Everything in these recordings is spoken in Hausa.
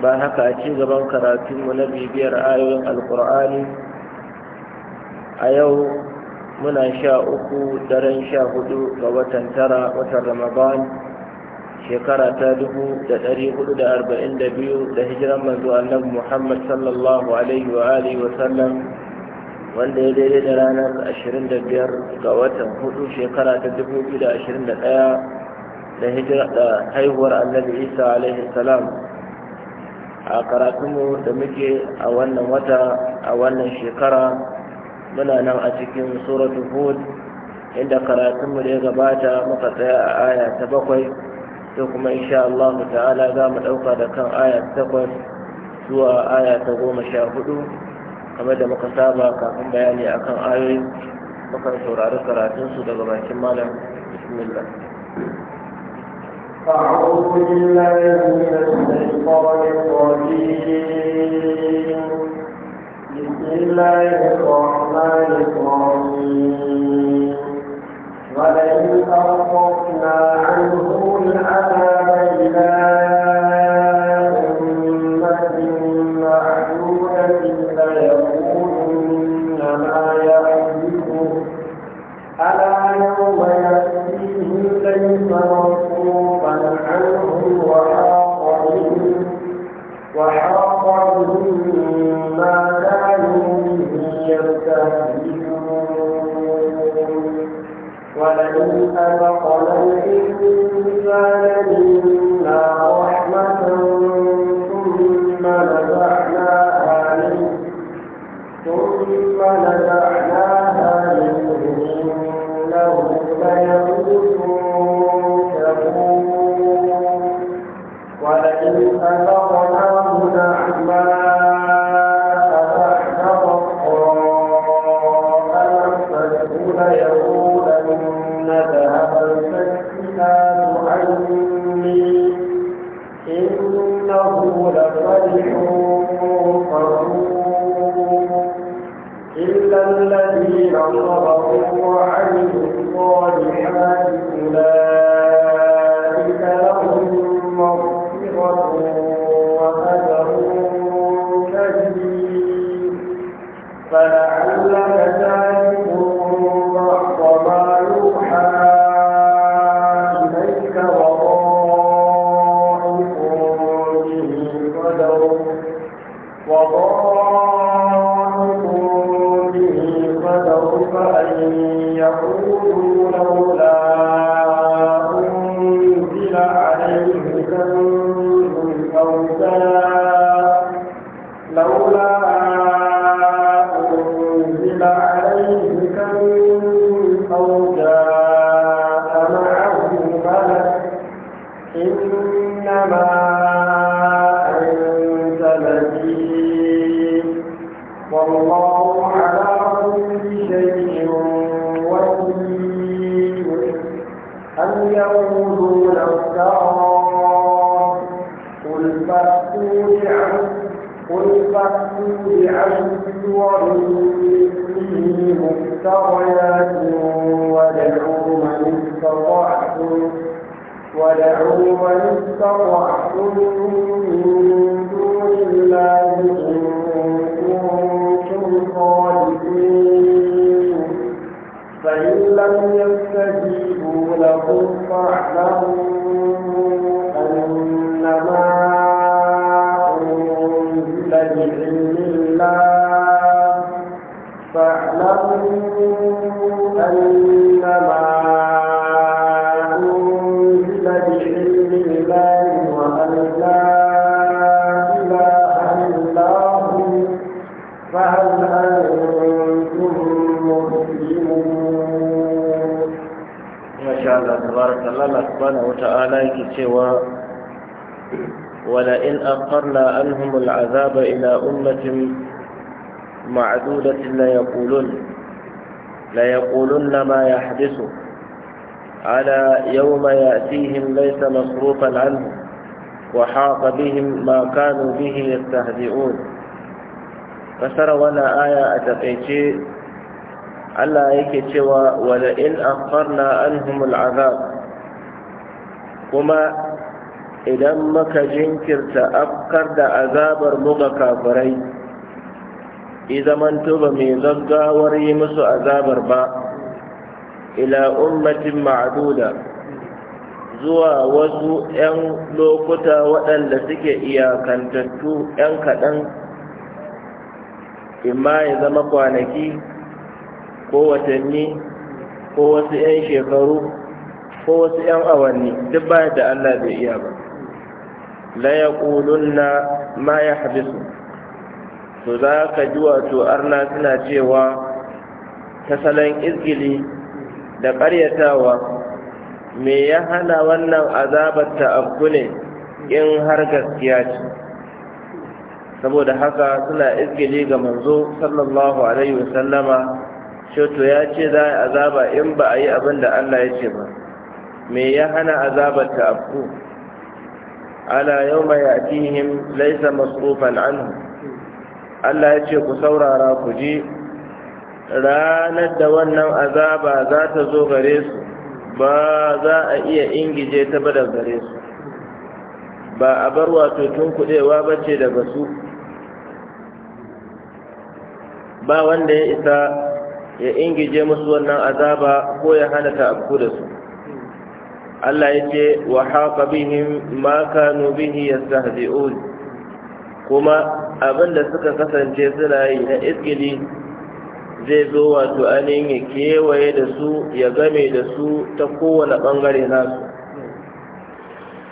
ba haka a ci gaban karatunmu na bibiyar ayoyin alkur'ani a yau muna sha uku daren sha hudu ga watan tara watan ramadan shekara ta dubu da ɗari hudu da arba'in da biyu da hijiran manzo annabi muhammad sallallahu alaihi wa alihi wa sallam wanda ya daidai da ranar ashirin da biyar ga watan hudu shekara ta dubu biyu da ashirin da ɗaya da haihuwar annabi isa alaihi salam a karatunmu da muke a wannan wata a wannan shekara muna nan a cikin suratu hud inda karatunmu da ya gabata muka tsaya a aya ta bakwai sai kuma insha Allah ta'ala za mu ɗauka da kan aya ta takwas zuwa aya ta goma sha hudu kamar da muka saba kafin bayani akan ayoyi muka saurari karatunsu daga bakin malam bismillah أعوذ بالله من الشيطان الرجيم بسم الله الرحمن الرحيم ولئن أرقنا عنه العذاب إلى أن يقولوا لهم cewa wala in aqarna anhum al'azaba ila ummatin معدودة ليقولن ليقولن ما يحدث على يوم يأتيهم ليس مصروفا عنه وحاق بهم ما كانوا به يستهزئون فسر ولا آية أتقيتي ألا يكتوى ولئن أخرنا عنهم العذاب وما إذا مك جنكرت أفكر عذاب مغكافرين izamanto ba mai zaggawar yi musu azabar ba ila ummatin ma'aduda zuwa wasu 'yan lokuta waɗanda suke iyakantattu 'yan kaɗan imma ya zama kwanaki ko watanni ko wasu 'yan shekaru ko wasu 'yan awanni duk bayan da Allah bai iya ba la yaqulunna ma yahbisu to za ka ji wato arna suna cewa ta salon izgili da ƙaryatawa me ya hana wannan azabar ta abu ne in har gaskiya ce saboda haka suna izgili ga manzo sallallahu alaihi wasallama shoto ya ce za a azaba in ba a yi abin da allah ya ce ba me ya hana azabar ta abu ala yau mai laisa masrufan anhu Allah ya ce ku saurara ku ji ranar da wannan azaba za ta zo gare su ba za a iya ingije ta ba da gare su ba a bar wato tun kudewa ba ce daga su ba wanda ya isa ya ingije musu wannan azaba ko ya hana ta abu da su Allah ya ce wa haka bihin ma kanu bihi yastahzi'un kuma abin da suka kasance suna yi na iskili zai zo wato ainihin ya kewaye da su ya game da su ta kowane ɓangare nasu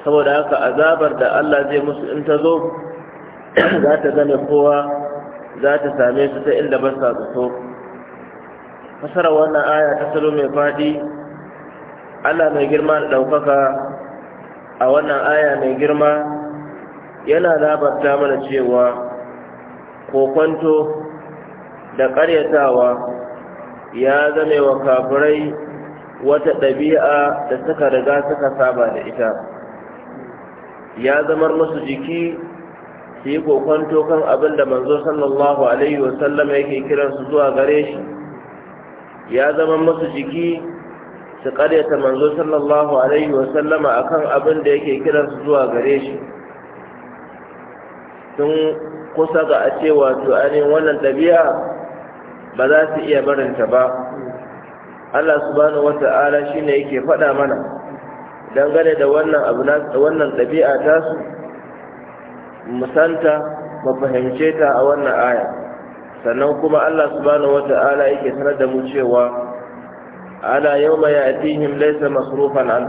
saboda haka azabar da Allah zai musu in ta zo za ta gane kowa za ta same su ta inda ba su so fasara wannan aya ta salo mai faɗi Allah mai girma da ɗaukaka a wannan aya mai girma yana labarta mana cewa kokwanto da ƙaryatawa ya zame wa kafirai wata ɗabi'a da suka riga suka saba da ita ya zamar musu jiki su yi kokwanto kan abin da manzo sallallahu alaihi wasallam yake kiransu zuwa gare shi ya zama musu jiki su ƙaryata manzo sallallahu alaihi wasallama akan abin da yake kiransu zuwa gare shi sun kusa ga a ce wato ainihin wannan ɗabi'a ba za su iya barinta ba Allah subhanahu wata'ala shine yake faɗa mana dangane da wannan abu wannan ɗabi'a ta su musanta ba fahimce ta a wannan aya sannan kuma Allah subhanahu wata'ala yake sanar da mu cewa ala yawma ya'tihim laysa masrufan an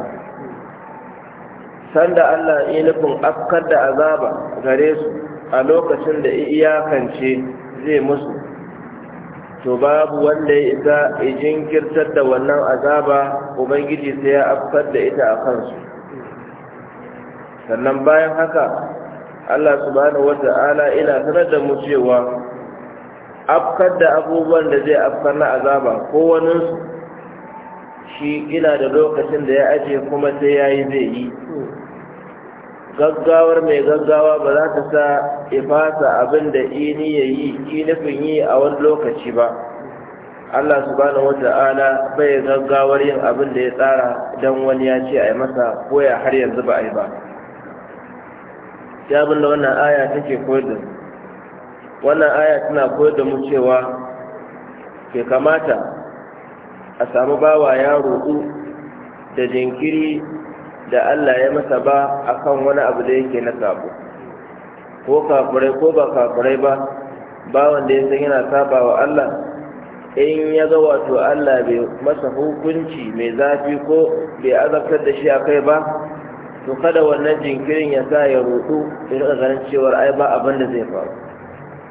sanda Allah ya nufin afkar da azaba gare su a lokacin da iyakance zai musu to babu wanda ya isa jinkirtar da wannan azaba ubangiji sai ya afkar da ita a kansu sannan bayan haka Allah subhanahu wata'ala ina sanar da mu cewa afkar da abubuwan da zai afkar na azaba kowaninsu shi ina da lokacin da ya aje kuma sai ya yi zai yi gaggawar mai gaggawa ba za ta sa ya fasa abin da ini ya yi ki yi a wani lokaci ba Allah su wata wata'ala bai gaggawar yin abin da ya tsara don wani ya ce a yi masa ko har yanzu ba a yi ba ya da wannan aya take koyar wannan aya tana koyar da mu cewa ke kamata a samu bawa ya roƙu da jinkiri da Allah ya masa ba akan wani abu da yake na sabo ko kafurai ko ba kafurai ba ba wanda ya san yana saba wa Allah in ya ga wato Allah bai masa hukunci mai zafi ko bai azabtar da shi akai ba to kada wannan jinkirin ya sa ya rudu in ganin cewar ai ba abin da zai faru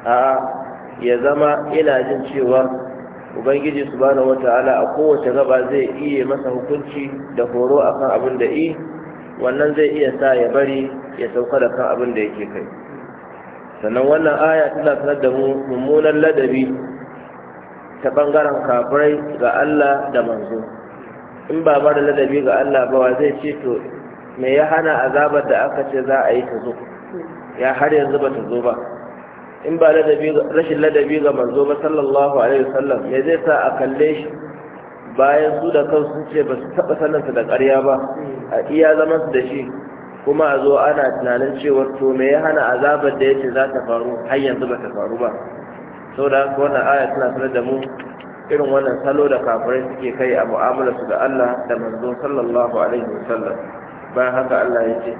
a ya zama ina jin cewa ubangiji wata wataala a kowace gaba zai iya masa hukunci da horo a kan abin da yi wannan zai iya sa ya bari ya sauka da kan abin da yake kai sannan wannan aya tana sanar da mu mummunan ladabi ta bangaren kafirai ga Allah da manzo in ba mara ladabi ga Allah ba wa zai ce to me ya hana azabar da aka ce za a yi ta zo ya har yanzu ba ta zo ba in ba rashin ladabi ga manzo ba sallallahu alaihi wasallam me zai sa a kalle shi bayan su da kansu sun ce ba su taɓa sanansa da ƙarya ba a iya zaman su da shi kuma a zo ana tunanin cewar to me ya hana azabar da yace za ta faru har yanzu ba ta faru ba saboda haka wannan aya tana sanar da mu irin wannan salo da kafirai suke kai a mu'amalarsu da Allah da manzo sallallahu alaihi wasallam bayan haka Allah ya ce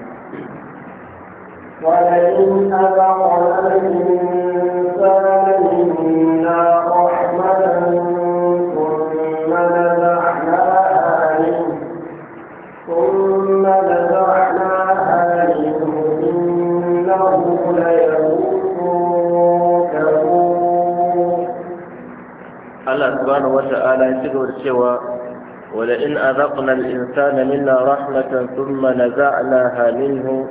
ولئن أذقنا الإنسان منا رحمة ثم نزعناها منه ثم منه إنه وتعالى ولئن أذقنا الإنسان منا رحمة ثم منه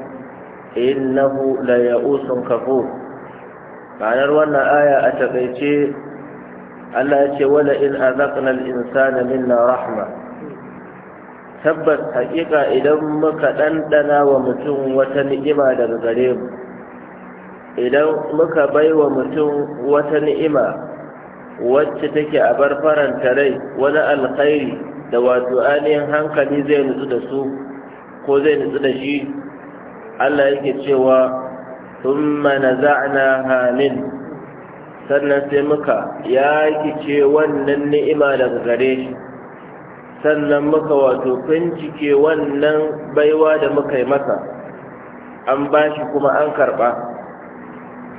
innahu la ya'usun kafur ma'anar wannan aya a takaice Allah ya ce wala in azaqna al-insana minna rahma tabbas haƙiƙa idan muka ɗanɗana wa mutum wata ni'ima daga gare mu idan muka bai wa mutum wata ni'ima wacce take a bar faranta rai wani alkhairi da wato ainihin hankali zai nutsu da su ko zai nutsu da shi Allah yake cewa thumma na min sannan sai muka yakice wannan ni'ima daga gare shi sannan muka wato bincike wannan baiwa da muka yi masa an bashi kuma an karɓa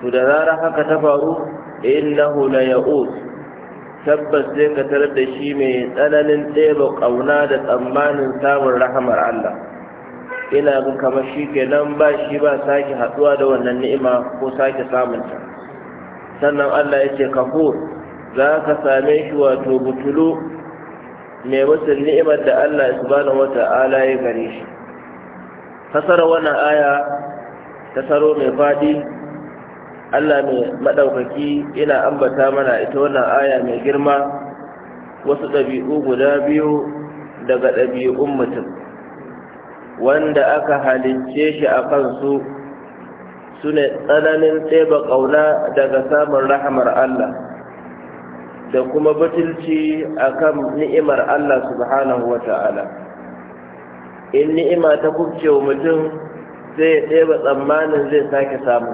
to da zarar haka ta faru innahu na ya'us tabbas sai ka tarar da shi mai tsananin ɗeba ƙauna da tsammanin samun rahamar Allah ina ga kamar shi kenan ba shi ba sake haduwa da wannan ni'ima ko sake samunta sannan Allah ya ce kafur za ka same shi wato butulu mai mutum ni'imar da Allah subhanahu wata'ala ya gare shi fasara wannan aya ta saro mai faɗi Allah mai maɗaukaki ina ambata mana ita wannan aya mai girma wasu ɗabi'u guda biyu daga ɗabi'un mutum wanda aka halicce shi a kansu su ne tsananin ɗeba ƙauna daga samun rahamar Allah da kuma batulci a kan ni'imar Allah subhanahu wa ta'ala in ni'ima ta kubce wa mutum zai tseba tsammanin zai sake samu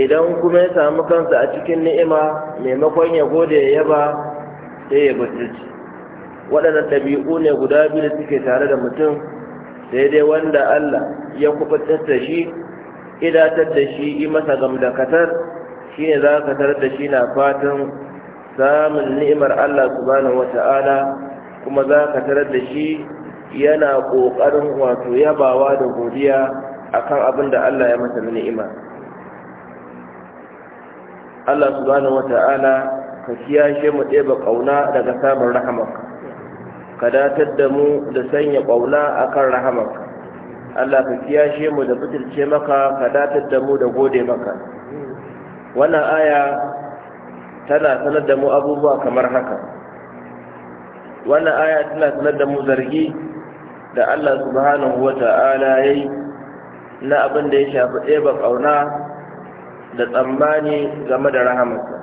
idan kuma ya samu kansa a cikin ni'ima maimakon ya gode ya yaba sai ya batilci waɗannan ɗabi'u ne guda biyu da suke tare da mutum daidai wanda Allah ya kuɓa da shi idatar da shi yi masa gamdakatar shi ne za ka tarar da shi na fatan samun ni'imar Allah subhanahu ta'ala kuma za ka tarar da shi yana ƙoƙarin wato yabawa da godiya akan abin da Allah ya masa ni'ima Allah subhanahu ta'ala ka kiyashe mu ɗeba ƙauna daga samun rahamarka ka datar da mu da sanya ƙauna kan rahamanka Allah ka kiyashe mu da fitirce maka ka datar da mu da gode maka wannan aya tana sanar da mu abubuwa kamar haka wannan aya tana sanar da mu zargi da Allah subhanahu yayi na abin da ya shafi ɗeba ƙauna da tsammani game da rahamanka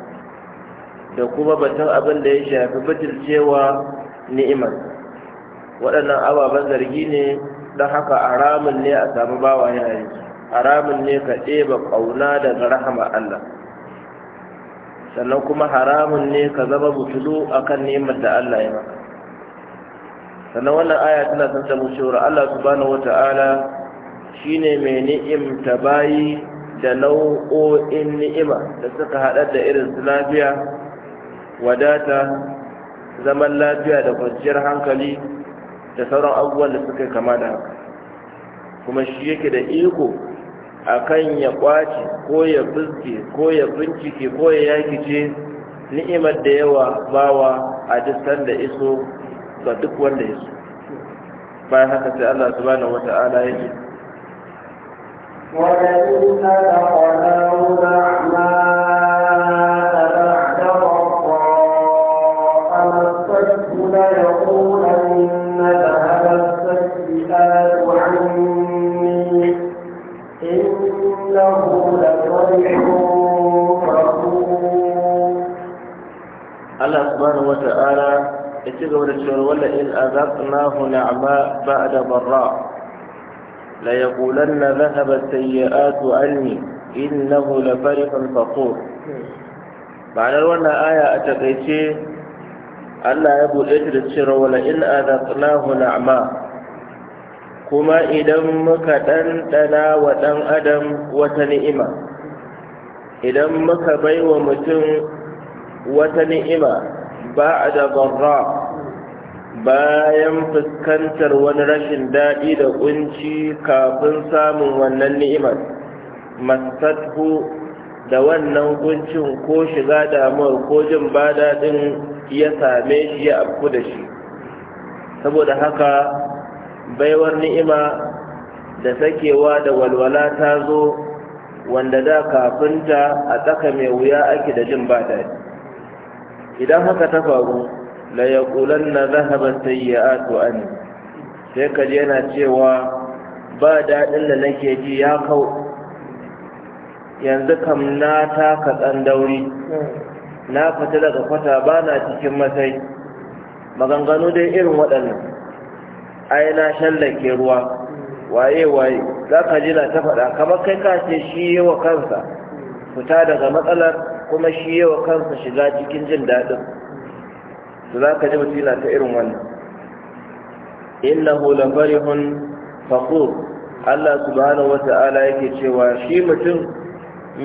da kuma batun abin da ya shafi fitircewa ni'imar waɗannan ababen zargi ne don haka haramun ne a samu bawa yayi haramun ne ka ɗeba ƙauna daga rahama Allah sannan kuma haramun ne ka zama butulu akan ni'imar da Allah ya maka sannan wannan aya tana san samun shura Allah subhanahu wata'ala shine mai ni'imta bayi da nau'o'in ni'ima da suka haɗa da irin su lafiya wadata zaman lafiya da kwanciyar hankali da sauran abubuwan da suka kama da haka kuma shi yake da iko a kan ya kwace ko ya fuske ko ya bincike ko ya yakice ni'imar da yawa bawa a duk sanda iso ga duk wanda ya so bayan haka sai Allah subhanahu wata'ala ya ce وَلَئِنْ أَذَقْنَاهُ subhanahu wa ta'ala ya ci da cewar wala in azaqnahu na'ma ba'da barra la yaqulanna dhahaba sayyi'atu anni innahu la farihun fakhur ma'anar wannan aya a takaice Allah ya buɗe ta da cewa wala in azaqnahu na'ma kuma idan muka ɗanɗana wa ɗan adam wata ni'ima idan muka baiwa mutum wata ni'ima بعد ضراء bayan fuskantar wani rashin daɗi da ƙunci kafin samun wannan ni'imar masathu da wannan kuncin ko shiga damuwar ko jin ba daɗin ya same shi ya afku da shi saboda haka baiwar ni'ima da sakewa da walwala ta zo wanda da kafinta a tsaka mai wuya ake da jin ba daɗi idan haka ta faru la yaqulanna dhahaba sayyi'atu anni sai ka je yana cewa ba daɗin da nake ji ya kau yanzu kam na taka tsandauri na fita daga kwata ba na cikin matsayi maganganu dai irin waɗannan ai na shallake ruwa waye waye za ka ji na ta faɗa kamar kai ka shi yi wa kansa fita daga matsalar kuma shi yawa kansa shiga cikin jin daɗin su za ka ji mutum ta irin wannan innahu la farihun faqur Allah subhanahu wata'ala yake cewa shi mutum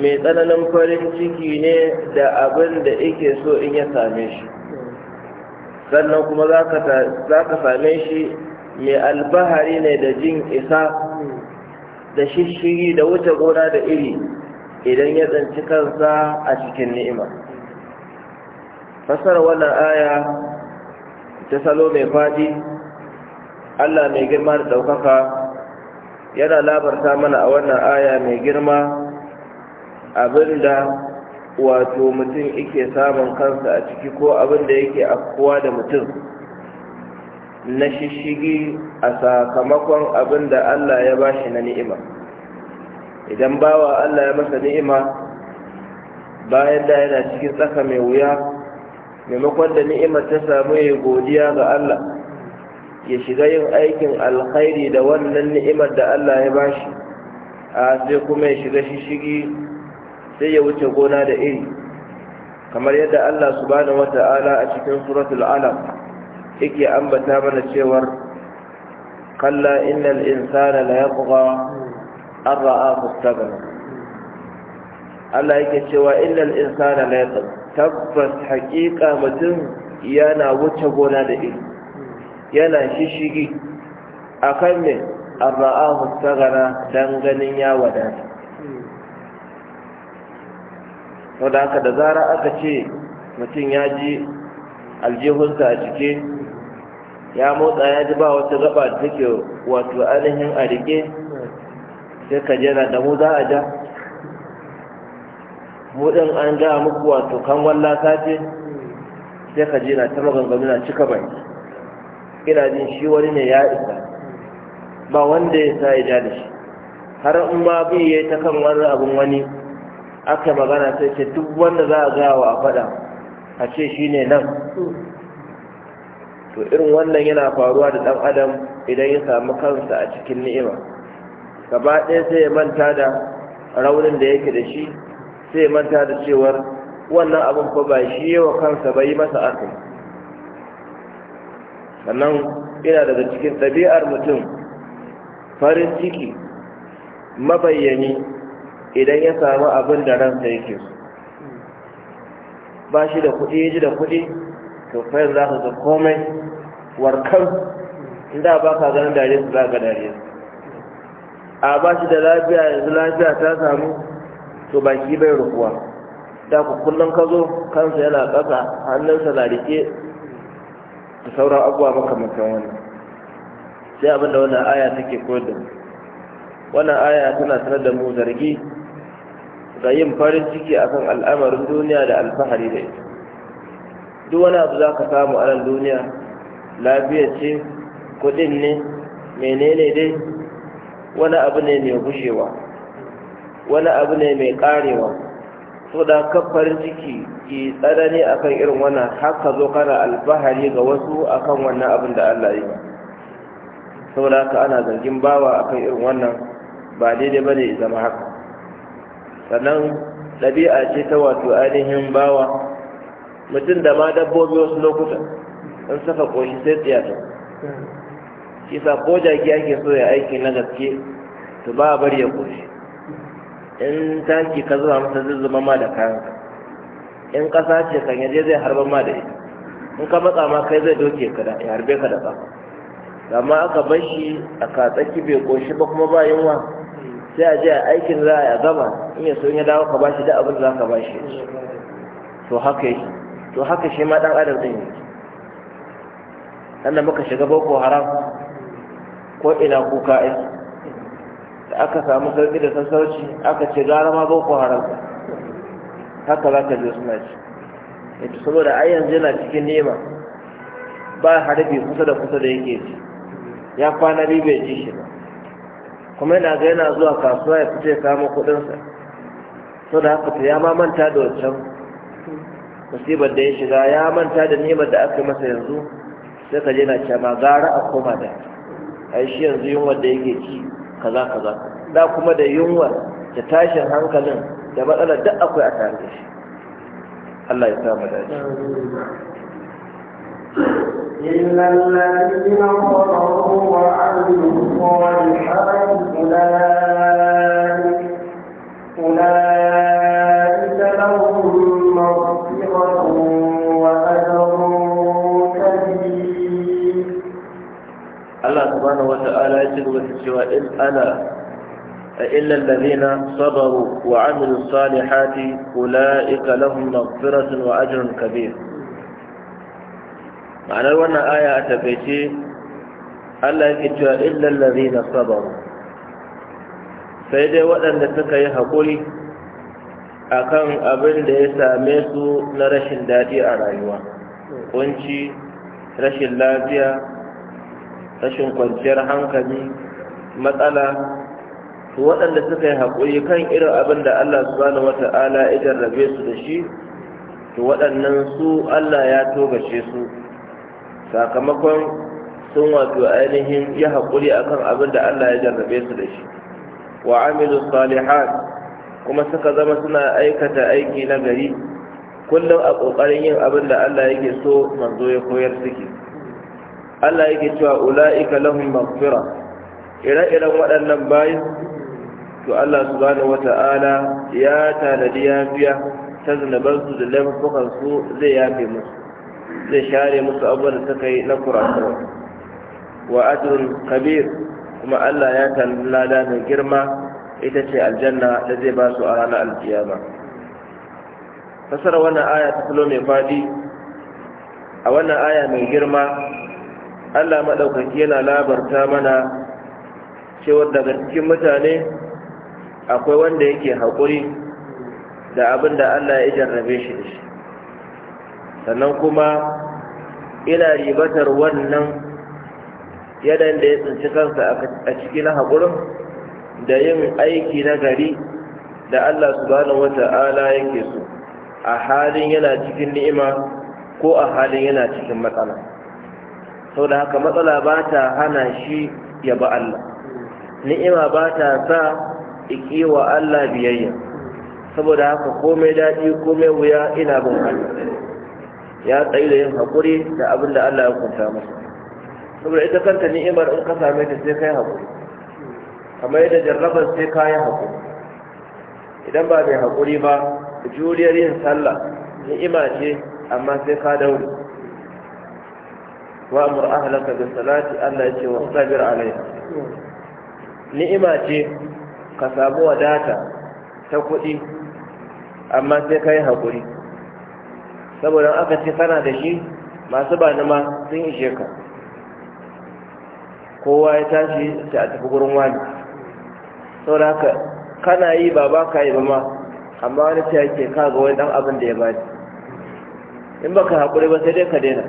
mai tsananin farin ciki ne da abin da yake so in ya same shi sannan kuma za ka same shi mai albahari ne da jin isa da shishiri da wuce gona da iri idan ya tsanci kansa a cikin ni'ima fasara wannan aya ta salo mai fadi Allah mai girma da ɗaukaka yana labarta mana a wannan aya mai girma abinda wato mutum yake samun kansa a ciki ko abinda yake afkuwa da mutum na shishigi a sakamakon abinda Allah ya bashi na ni'ima idan bawa Allah ya masa ni'ima bayan da yana cikin tsaka mai wuya maimakon da ni'imar ta samu ya godiya ga Allah ya shiga yin aikin alkhairi da wannan ni'imar da Allah ya bashi a sai kuma ya shiga shishigi sai ya wuce gona da iri kamar yadda Allah subhanahu wata'ala a cikin suratul alam yake ambata mana cewar kalla innal insana la yatgha an ra'a Allah yake cewa illal insana la yaqul tabbas haƙiƙa mutum yana wuce gona da ilmi yana shishigi akan me an ra'a dan ganin ya wadata wadda haka da zara aka ce mutum ya ji aljihunsa a cike ya motsa ya ji ba wata gaba da take wato ainihin a rike sai ka jera da mu za a ja mu ɗin an gaya muku wato kan wallata ce sai ka jera ta maganganu na cika bai ina jin shi wani ne ya isa ba wanda ya sa ya da shi har in ma bi ya yi ta kan wani abin wani aka magana sai ce duk wanda za a gaya wa a faɗa a ce shi ne nan to irin wannan yana faruwa da ɗan adam idan ya samu kansa a cikin ni'ima gaba ɗaya sai ya manta da raunin da yake da shi sai ya manta da cewar wannan abin fa ba shi yawa kansa bai masa aka sannan ina daga cikin ɗabi'ar mutum farin ciki mabayyani idan ya samu abin da ransa yake su ba shi da kuɗi ya ji da kuɗi to za ka ga komai warkar inda ba ka ganin dariya su za ka a ba shi da lafiya yanzu lafiya ta samu to baki bai rukuwa da ku ka zo kansa yana ƙasa hannunsa na rike da sauran abubuwa makamantan wannan sai abin da wannan aya take koyar da mu wannan aya tana sanar da mu zargi ga yin farin ciki akan al'amarin duniya da alfahari da ita duk wani abu za ka samu a nan duniya lafiya ce kuɗin ne menene dai wani abu ne mai gushewa wani abu ne mai karewa so da kafar ciki ki tsanani akan irin wannan haka zo kana alfahari ga wasu a kan wannan abin da Allah yi da haka ana zargin bawa akan irin wannan ba daidai ba ya zama haka sannan ɗabi'a ce ta wato ainihin bawa mutum da ma dabbobi wasu lokuta in saka ƙoshi sai tsiyata shi sa ko jaki ake so ya aiki na gaske to ba bari ya koshi in taki ka zuwa masa zuzzuma ma da kayanka in ƙasa ce kan yaje zai harba ma da ita in ka matsa ma kai zai doke ka da ya harbe ka da ƙafa amma aka bar shi a katsaki bai koshi ba kuma ba yunwa sai a je aikin za a gama in ya so ya dawo ka bashi da abin za ka bashi to haka yake to haka shi ma dan adam din yake annan muka shiga boko haram ko ina kuka ai da aka samu sarki da sassauci aka ce gara ma boko haram haka za ka je suna ci ita saboda ai yanzu yana cikin nema ba harbi kusa da kusa da yake ci ya kwana biyu bai ji shi ba kuma yana ga yana zuwa kasuwa ya fita ya kamo kuɗinsa sau da haka ya ma manta da wancan musibar da ya shiga ya manta da nemar da aka masa yanzu sai ka je na ce ma gara a koma da ai shi yanzu yunwa da yake ci kaza kaza da kuma da yunwa da tashin hankalin da matsalar duk akwai a tare da shi Allah ya sa mu dace إلا الذين صبروا وعملوا الصالحات أولئك ta'ala ya ce gaba cewa in ana a illan lalina sabaru wa amiru salihati kula ikalahun mafirasun wa ajirin kabir ma'anar wannan aya a tafaice Allah yake cewa illan lalina sabaru sai dai waɗanda suka yi haƙuri a kan abin ya same su na rashin daɗi a rayuwa ƙunci rashin lafiya rashin kwanciyar hankali matsala su waɗanda suka yi haƙuri kan irin abin da Allah subhanahu wata'ala ya rabe su da shi waɗannan su Allah ya togace su sakamakon sun wato ainihin ya haƙuri akan abin da Allah ya jarrabe su da shi wa amilu salihan kuma suka zama suna aikata aiki na gari kullum a ƙoƙarin yin abin da Allah yake so manzo ya koyar suke Allah yake cewa ula'ika lahum maghfira ire-iren waɗannan bayin to Allah subhanahu wata'ala ya tanadi yafiya ta zunuban su da laifukan su zai yafe musu zai share musu abubuwan da suka yi na kurakuran wa ajrun kabir kuma Allah ya tanadi lada mai girma ita ce aljanna da zai ba su a ranar alkiyama fasara wannan aya ta salo mai fadi a wannan aya mai girma Allah maɗaukaki yana labarta mana cewar daga cikin mutane akwai wanda yake haƙuri da abin da Allah ya jarrabe shi da shi sannan kuma ina ribatar wannan yanayin da ya tsinci kansa a cikin haƙurin da yin aiki na gari da Allah subhanahu wata'ala yake so a halin yana cikin ni'ima ko a halin yana cikin matsala sau da haka matsala ba ta hana shi ya ba Allah ni'ima ba ta sa iki wa Allah biyayya saboda haka komai daɗi komai wuya ina bin Allah ya tsayi da yin haƙuri da abin da Allah ya kunta masa saboda ita kanta ni'imar in ka same ta sai kai haƙuri kamar yadda jarrabar sai ka yi haƙuri idan ba mai haƙuri ba juriyar yin sallah ni'ima ce amma sai ka daure Allah وأمر أهلك بالصلاة Ni'ima ce ka عليها نئما ta kuɗi, amma sai ka yi haƙuri. saboda aka ce kana da shi masu ba ma sun ishe ka kowa ya tashi ta a tafi gurin wani saboda haka kana yi ba ba ka yi ba ma amma wani ta yake kaga wani dan abin da ya bani in baka haƙuri ba sai dai ka daina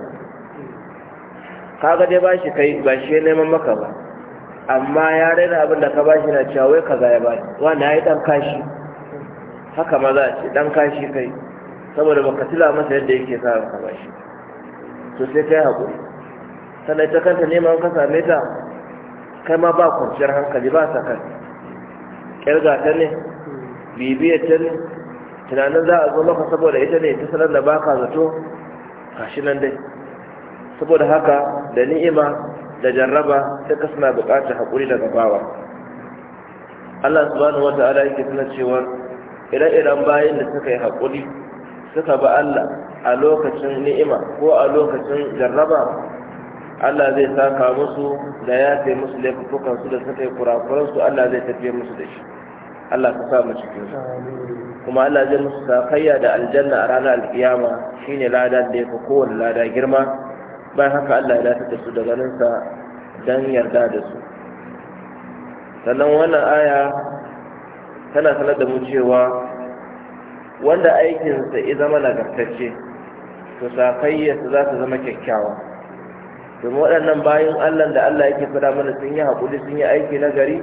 kaga dai ba shi kai ba shi neman maka ba amma ya raina abin da ka ba shi na cewa wai kaza ya ba shi wanda ya yi dan kashi haka ma za a ce dan kashi kai saboda baka tila masa yadda yake sa ka ba shi to sai kai haƙuri sannan ita kanta neman ka same ta kai ma ba kwanciyar hankali ba sa kan ga ta ne bibiyar ta ne tunanin za a zo maka saboda ita ne ta sanar da baka zato kashi nan dai saboda haka da ni'ima da jarraba ka suna buƙatar haƙuri daga bawa Allah subhanahu wata'ala yake tana cewa ire-iren bayan da suka yi haƙuri suka ba Allah a lokacin ni'ima ko a lokacin jarraba Allah zai saka musu da ya sai musu laifukan su da suka yi kurakuran su Allah zai tafi musu da shi Allah ka sa cikin su kuma Allah zai musu sakayya da aljanna a ranar alkiyama shine ladan da ya fi kowane lada girma bayan haka Allah ya dace da su da ganinsa don yarda da su sannan wannan aya tana sanar da mu cewa wanda aikinsa ya zama nagartacce to safayyarsa za ta zama kyakkyawa domin waɗannan bayan allah da allah yake fada mana sun yi haƙuri sun yi aiki na gari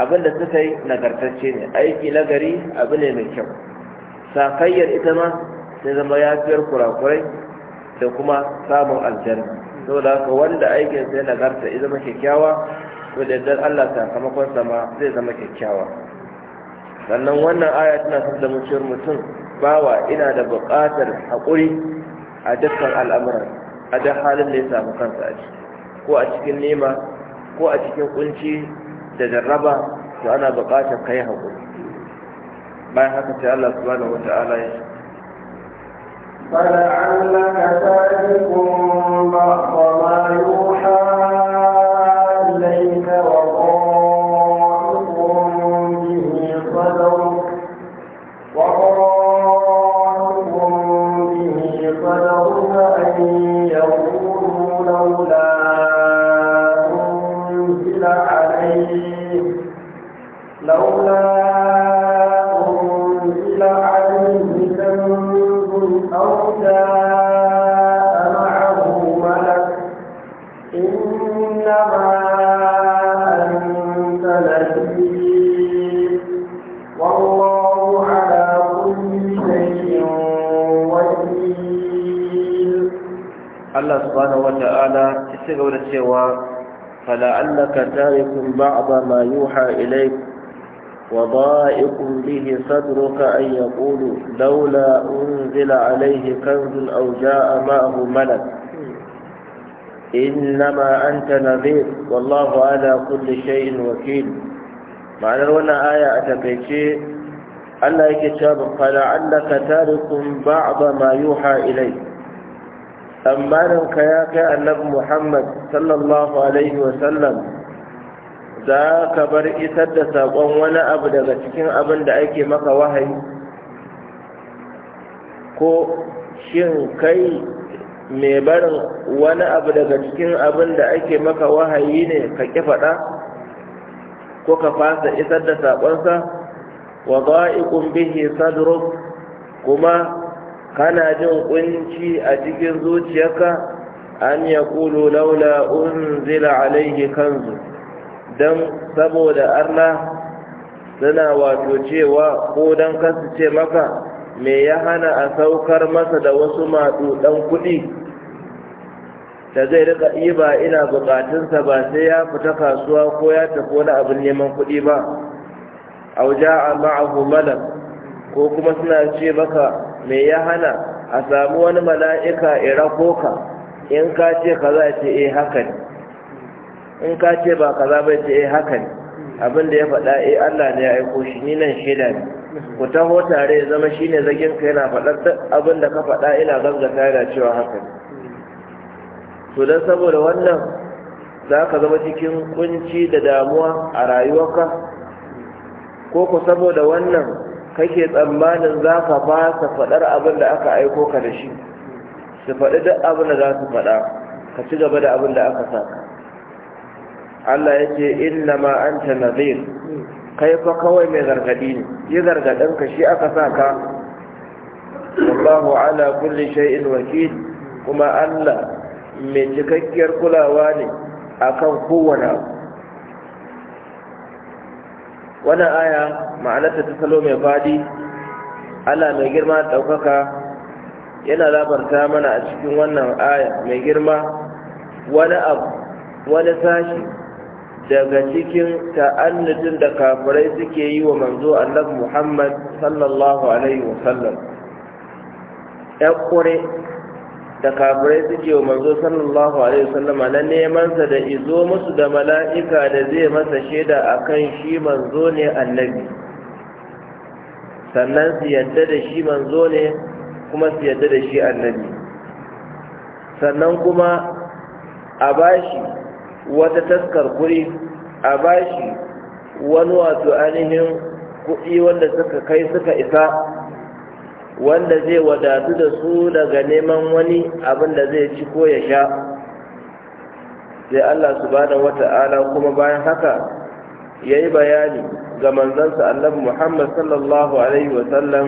abinda suka yi nagartacce ne aiki nagari gari abu ne mai kyau safayyar ita ma sai zama yafiyar kurakurai da kuma samun aljanna saboda haka wanda aikin sai nagarta ya zama kyakkyawa to da Allah sakamakon sama zai zama kyakkyawa sannan wannan aya tana son da mutum bawa ina da buƙatar haƙuri a dukkan al'amuran a duk halin da ya samu kansa a ciki ko a cikin nema ko a cikin kunci da jarraba to ana buƙatar kai haƙuri bayan haka sai Allah subhanahu wata'ala ya فلعلك تاركم بعض ما يوحى تعالى استغفر السوا فلعلك تارك بعض ما يوحى إليك وضائق به صدرك أن يقول لولا أنزل عليه كنز أو جاء معه ملك إنما أنت نذير والله على كل شيء وكيل معنى الولى آية أن الله يكتب فلعلك تارك بعض ما يوحى إليك tsammanin ka ya kai annabi muhammad sallallahu alaihi wasallam za ka bar isar da saƙon wani abu daga cikin abin da ake maka wahayi ko shin kai mai barin wani abu daga cikin abin da ake maka wahayi ne ka ƙi faɗa ko ka fasa isar da saƙonsa wa za'iƙun bihi sadruk kuma kana jin kunci a cikin zuciyarka an ya kulu laula unzila alaihi kanzu don saboda Allah suna wato cewa ko don kansu ce maka me ya hana a saukar masa da wasu maɗuɗan kuɗi da zai rika iba ina bukatunsa ba sai ya fita kasuwa ko ya tafi wani abin neman kuɗi ba auja a ma'ahu malak ko kuma suna ce maka me ya hana a samu wani mala'ika irako ka in ka ce kaza ce eh haka ne in ka ce ba kaza bai ce eh haka ne abin da ya faɗa eh Allah ne ya aiko shi ni nan shaida ne ku taho tare ya zama shine zagin ka yana faɗar duk abin da ka faɗa ina gangata yana cewa haka ne to dan saboda wannan za ka zama cikin kunci da damuwa a rayuwarka ko ku saboda wannan kake tsammanin za ka ba su faɗar abin da aka aiko ka da shi su faɗi duk abin da za su faɗa ka ci gaba da abin da aka saka. Allah ya ce inna ma an ta nazir kai fa kawai mai gargadi ne yi gargadin ka shi aka saka. ka wallahu ala kulli shay'in wakil kuma Allah mai cikakkiyar kulawa ne akan kowane abu wannan aya ma'anarta ta salo mai fadi Allah mai girma ɗaukaka yana labarta mana a cikin wannan aya mai girma wani abu wani sashi daga cikin ta'annutin da kafirai suke yi wa manzo Allah Muhammad sallallahu alaihi wasallam ya ƙure da kafirai suke wa manzo sallallahu alaihi wasallama na neman sa da izo musu da mala'ika da zai masa shaida akan shi manzo ne annabi sannan su yadda da shi manzo ne kuma su yadda da shi annabi sannan kuma a bashi wata taskar kuri a bashi wani wato ainihin kuɗi wanda suka kai suka isa wanda zai wadatu da su daga neman wani abin da zai ci ko ya sha sai Allah subhanahu wata'ala kuma bayan haka yayi bayani ga manzansa Annabi Muhammad sallallahu alaihi wa sallam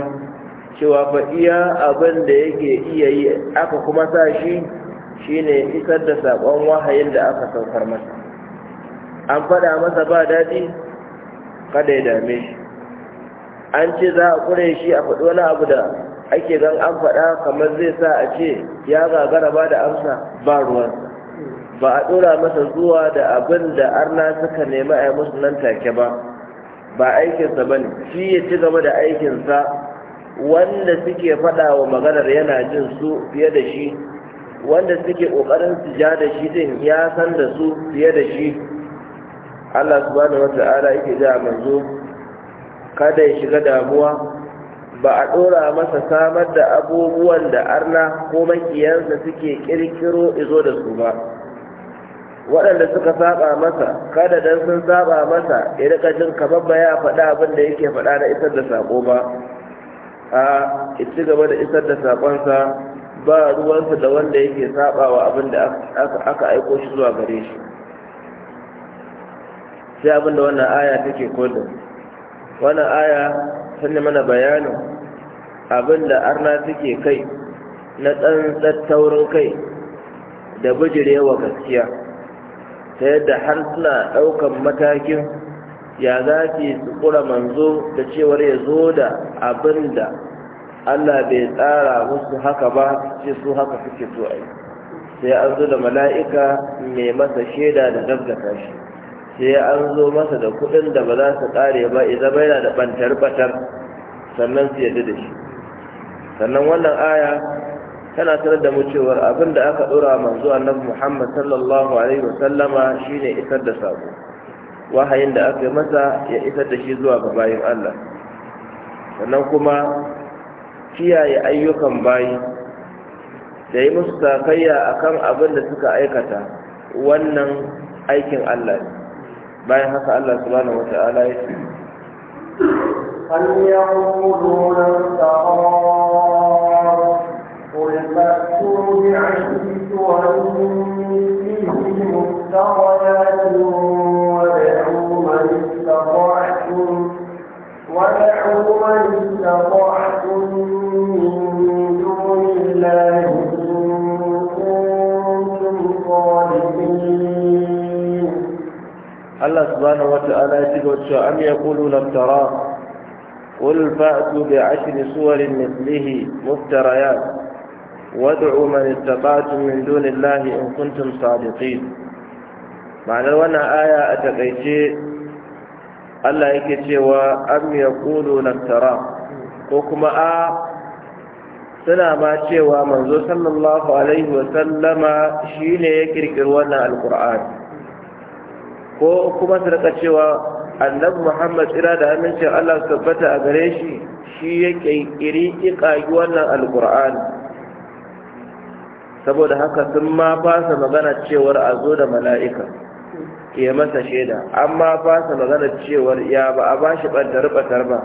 cewa fa iya abin da yake iya yi aka kuma sa shi shine isar da saƙon wahayin da aka saukar masa an faɗa masa ba daɗi kada ya dame shi an ce za a kure shi a faɗi wani abu da ake gan an faɗa kamar zai sa a ce ya gagara ba da amsa ba ruwansa ba a ɗora masa zuwa da abin da arna suka nemi a yi musu nan take ba ba aikinsa ba ne shi ya ci gaba da aikinsa wanda suke faɗa wa maganar yana jin su fiye da shi wanda suke ƙoƙarin su ja da shi din ya san da su fiye da shi Allah subhanahu wa ta'ala yake ja manzo kada ya shiga damuwa ba a ɗora masa samar da abubuwan da arna ko makiyansa suke ƙirƙiro izo da su ba waɗanda suka saba masa kada dan sun saba masa ya rika jin kamar ba ya faɗa abin da yake faɗa na isar da saƙo ba a ci gaba da isar da saƙonsa ba ruwansa da wanda yake saba wa abin da aka aiko shi zuwa gare shi sai abin da wannan aya take koda wannan aya sanya mana bayanin abin da arna suke kai na tsantsar taurin kai da bijirewa gaskiya ta yadda har suna ɗaukan matakin ya za su kura manzo da cewar ya zo da abinda allah bai tsara musu haka ba ce su haka suke so a sai an zo da mala'ika mai masa shaida da gaggata shi sai an zo masa da kuɗin da ba za su ƙare ba idan yana da ɓantar batar sannan su yadda da shi sannan wannan aya tana sanar da mu abin da aka ɗora manzo annabi muhammad sallallahu alaihi wasallama shine isar da sako wahayin da aka yi masa ya isar da shi zuwa ga bayin allah sannan kuma kiyaye ayyukan bayi da yi musu takayya akan abin da suka aikata wannan aikin allah ne bayan haka Allah subhanahu wata'ala ya ce an yaqulu lan tarar qul fa'tu bi'ashri wa fihi mustawayatun wad'u man istata'tum wad'u man istata'tum min duni الله Allah subhanahu wata'ala ya cigaba cewa am yaqulu lam tara qul fa'tu bi ashri suwarin mithlihi muftariyat wad'u man istata'tum min dunillahi in kuntum sadiqin ma'anar wannan aya a takaice Allah yake cewa am yaqulu lam tara ko kuma a suna ma cewa manzo sallallahu alaihi wa sallama shine ya kirkiri wannan alqur'ani ko kuma su cewa annabi muhammad tsira da amincin allah su tabbata a gare shi shi ya ƙirƙiri ƙiƙagi wannan alƙur'ani saboda haka sun ma fasa magana cewar a zo da mala'ika ke masa shaida amma fasa magana cewar ya ba a ba shi ɓantar ba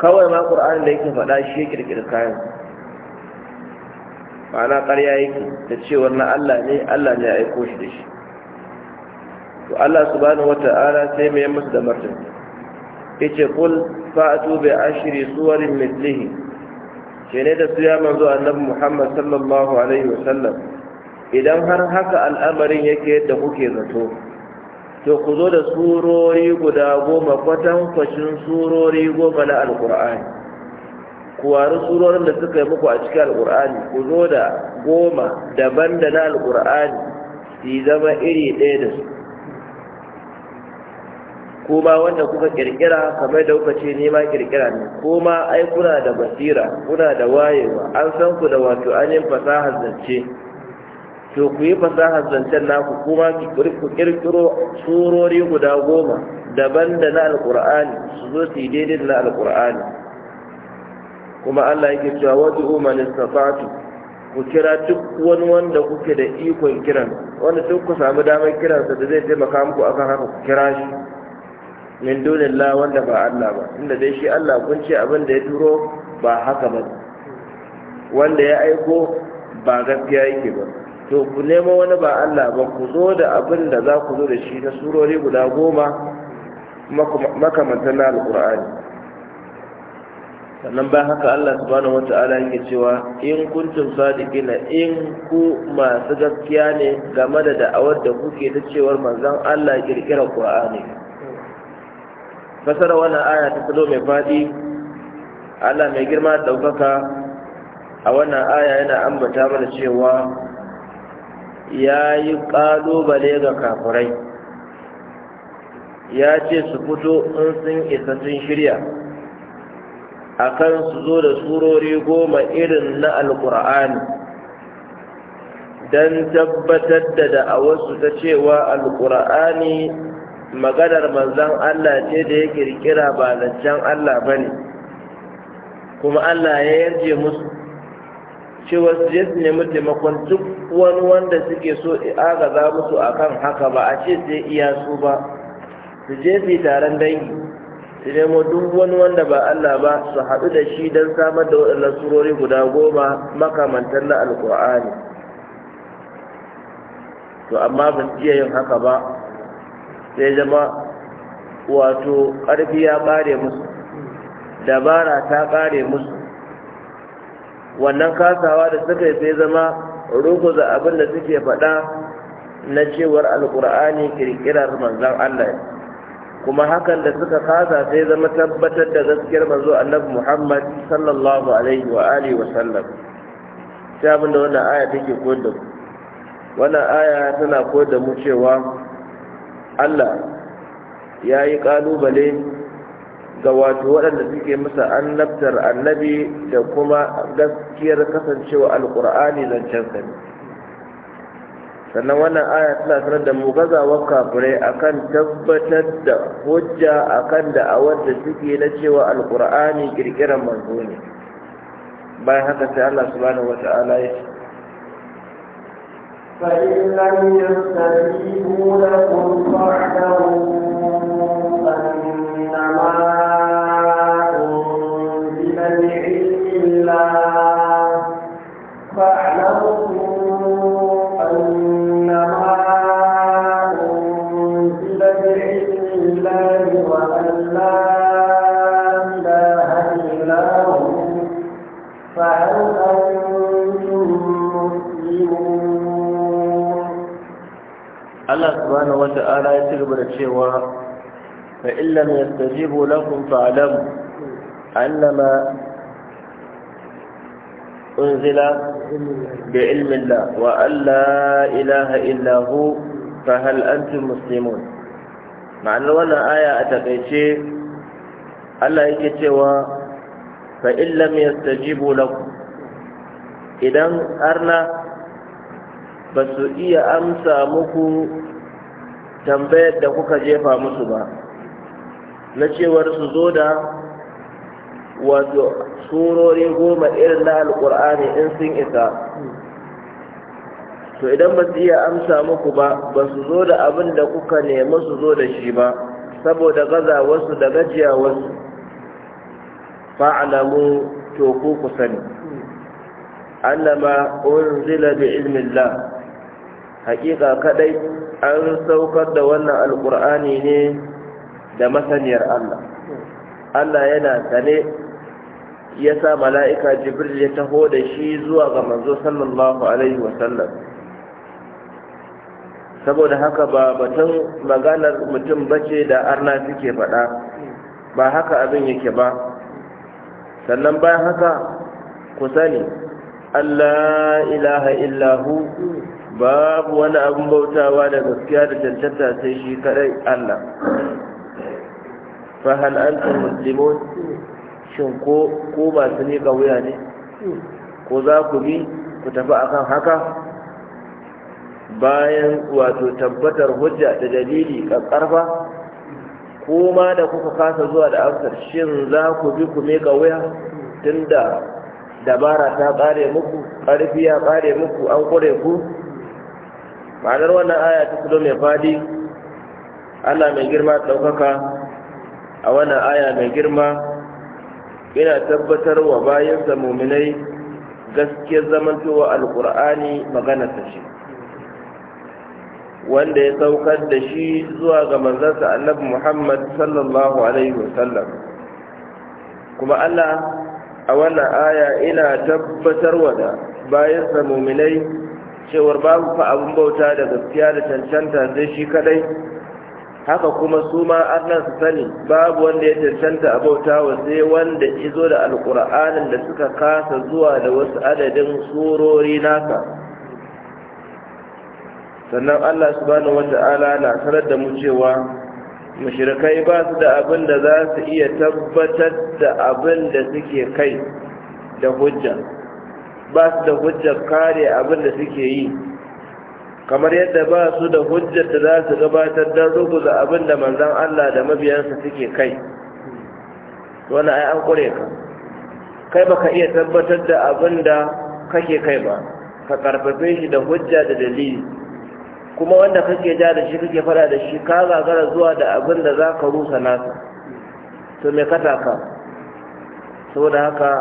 kawai ma ƙur'ani da yake faɗa shi ya ƙirƙiri kayan ma'ana ƙarya yake da cewar na allah ne allah ne ya aiko shi da shi to Allah subhanahu wata'ala sai mai masa da martani yace kul fa'atu bi ashri suwarin mithlihi ce ne da su ya manzo annabi Muhammad sallallahu alaihi wasallam idan har haka al'amarin yake yadda kuke zato to ku zo da surori guda goma kwatankwacin surori goma na Alƙur'ani. ku wari surorin da suka yi muku a cikin Alƙur'ani, ku zo da goma daban da na alkur'ani su zama iri ɗaya da su ko ma wanda kuka kirkira kamar da kuka ce nema kirkira ne ko ma ai kuna da basira kuna da wayewa an san ku da wato ainihin fasahar zance to ku yi fasahar zancen naku kuma ku kirkiro surori guda goma daban da na alkur'ani su zo su yi daidai da na alkur'ani kuma allah yake cewa wajen umarni safatu ku kira duk wani wanda kuke da ikon kiran wanda duk ku samu damar kiransa da zai taimaka muku akan haka ku kira shi min dunillah wanda ba Allah ba inda dai shi Allah kun ce abin da ya turo ba haka ba wanda ya aiko ba gaskiya yake ba to ku nemo wani ba Allah ba ku zo da abin da za ku zo da shi na surori guda goma makamantar na alkur'ani sannan ba haka Allah subhanahu wata'ala yake cewa in kuntum sadiqina in ku masu gaskiya ne game da da'awar da kuke ta cewar manzon Allah kirkira Qur'ani fasara wannan aya ta salo mai faɗi Allah mai girma daukaka a wannan aya yana ambata mana cewa ya yi ƙalubale ga kafirai ya ce su fito in sun isa sun shirya a kan su zo da surori goma irin na alƙur'ani don tabbatar da da'awarsu ta cewa alkur'ani maganar manzan Allah ce da ya kirkira ba zancen Allah ba ne kuma Allah ya yarje musu cewa su je su nemi taimakon duk wani wanda suke so agaza musu akan haka ba a ce sai iya su ba su je su taron dangi su nemo duk wani wanda ba Allah ba su haɗu da shi don samar da waɗannan surori guda goma makamantar na alƙur'ani to amma ban iya yin haka ba sai zama wato ƙarfi ya ƙare musu dabara ta ƙare musu wannan kasawa da suka yi sai zama ruguza abin da suke faɗa na cewar alƙur'ani ƙirƙirar manzan Allah kuma hakan da suka kasa sai zama tabbatar da gaskiyar manzo annabi Muhammad sallallahu alaihi wa alihi wa sallam sai abin da wannan aya take koyar da mu wannan aya tana koyar da mu cewa Allah ya yi ƙalubale ga wato waɗanda suke masa annabtar annabi da kuma gaskiyar kasancewa alƙur'ani zancen sani sannan wannan aya tana sanar da mu gazawar kafirai akan tabbatar da hujja akan da'awar da suke na cewa alƙur'ani ƙirƙirar manzo ne bayan haka sai Allah subhanahu wata'ala ya ce فإن لم يستجيبوا لكم فاعلموا أنما أنزل بعلم الله فاعلموا Allah subhanahu wata'ala ya cigaba da cewa fa illam yastajibu lakum fa'lamu annama unzila bi ilmi Allah wa alla ilaha illa hu fa hal antum muslimun ma'anar wannan aya a takaice Allah yake cewa fa illam yastajibu lakum idan arna ba su iya amsa muku tambayar da kuka jefa musu ba na cewar su zo da wato surori goma irin na alkur'ani in sun isa to idan ba su iya amsa muku ba ba su zo da abin da kuka nemi su zo da shi ba saboda gaza wasu da gajiya wasu fa'alamu to ku ku sani annama unzila bi ilmillah haƙiƙa kaɗai an saukar da wannan alƙur'ani ne da masaniyar Allah Allah yana sane ya sa mala'ika jibril ya taho da shi zuwa ga manzo sallallahu alaihi wasallam saboda haka ba batun maganar mutum bace da arna suke faɗa ba haka abin yake ba sannan bayan haka ku sani Allah ilaha illahu babu wani abin bautawa da gaskiya da cancanta sai shi kadai Allah fa hal antum muslimun shin ko ko ba su ne wuya ne ko za ku bi ku tafi akan haka bayan wato tabbatar hujja da dalili ƙarfa ko ma da kuka kasa zuwa da amsar shin za ku bi ku meka wuya tunda dabara ta ƙare muku ƙarfi ya ƙare muku an kure ku ma'anar wannan aya ta kudo mai fadi allah mai girma ɗaukaka a wannan aya mai girma yana tabbatar wa bayansa muminai gaskiyar zamantowa alkur'ani maganar ta shi wanda ya saukar da shi zuwa ga manzansa annabi muhammad sallallahu alaihi wasallam kuma allah a wannan aya ina tabbatar wa da bayansa muminai cewar babu fa abin bauta da gaskiya da cancanta sai shi kadai haka kuma su ma arnan su sani babu wanda ya cancanta a bauta wa sai wanda izo da alkur'anin da suka kasa zuwa da wasu adadin surori nasa sannan allah subhanahu wata'ala na sanar da mu cewa mashirkai ba su da abin da za su iya tabbatar da abin da suke kai da hujja ba su da hujjar kare abin da suke yi kamar yadda ba su da hujjar da za su gabatar don da abin da manzan Allah da mabiyansa suke kai wani ai an kure ka kai baka iya tabbatar da abin da kake kai ba ka karfafe shi da hujja da dalili kuma wanda kake ja da shi kake fara da shi ka gagara zuwa da abin da za ka rusa nasa to me kata ka saboda haka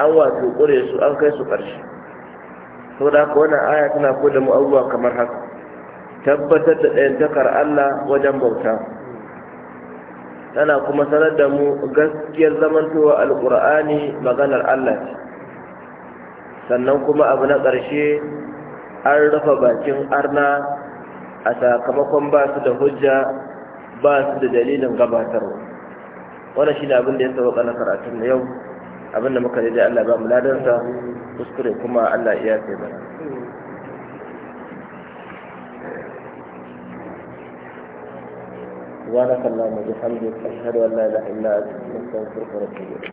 an wato ƙure su an kai su ƙarshe sau da haka wannan aya tana ko da abubuwa kamar haka tabbatar da ɗayantakar Allah wajen bauta tana kuma sanar da mu gaskiyar zamantowa alƙur'ani maganar Allah ce sannan kuma abu na ƙarshe an rufe bakin arna a sakamakon ba su da hujja ba su da dalilin gabatarwa wannan shi ne abin da ya saba na karatun yau abin da muka daidai Allah ba mu kuskure kuma Allah iya sai mana سبحانك اللهم وبحمدك أشهد أن لا إله إلا أنت نستغفرك ونتوب